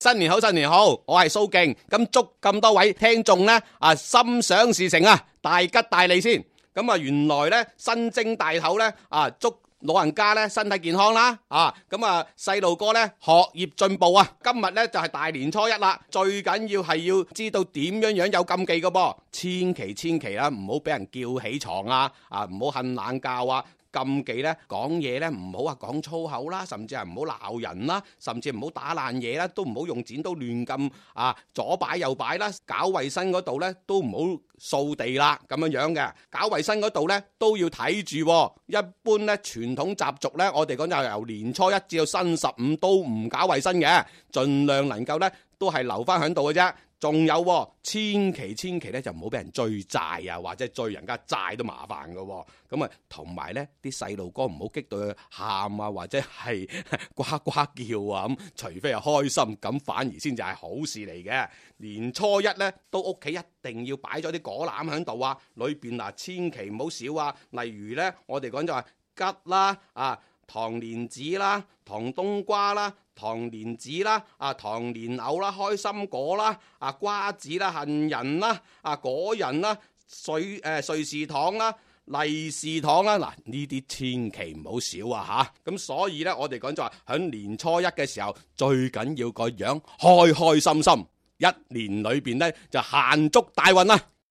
新年好，新年好，我係蘇敬，咁祝咁多位聽眾咧啊心想事成啊，大吉大利先，咁啊原來咧新正大頭咧啊祝老人家咧身體健康啦，啊咁啊細路哥咧學業進步啊，今日咧就係大年初一啦，最緊要係要知道點樣樣有禁忌嘅噃，千祈千祈啦，唔好俾人叫起床啊，啊唔好瞓懶覺啊。禁忌咧，講嘢咧唔好話講粗口啦，甚至係唔好鬧人啦，甚至唔好打爛嘢啦，都唔好用剪刀亂咁啊左擺右擺啦。搞衛生嗰度咧都唔好掃地啦，咁樣樣嘅。搞衛生嗰度咧都要睇住。一般咧傳統習俗咧，我哋講就係由年初一至到新十五都唔搞衛生嘅，盡量能夠咧都係留翻響度嘅啫。仲有千祈千祈咧，就唔好俾人追債啊，或者追人家債都麻煩噶。咁啊，同埋咧啲細路哥唔好激到佢喊啊，或者係呱呱叫啊咁，除非係開心咁，反而先至係好事嚟嘅。年初一咧，都屋企一定要擺咗啲果籃喺度啊，裏邊啊千祈唔好少啊。例如咧，我哋講就係桔啦啊。糖蓮子啦，糖冬瓜啦，糖蓮子啦，啊，糖蓮藕啦，開心果啦，啊，瓜子啦，杏仁啦，啊，果仁啦，瑞誒、呃、瑞士糖啦，利是糖啦，嗱呢啲千祈唔好少啊吓。咁、啊、所以呢，我哋講就話喺年初一嘅時候最緊要個樣開開心心，一年裏邊呢，就行足大運啦。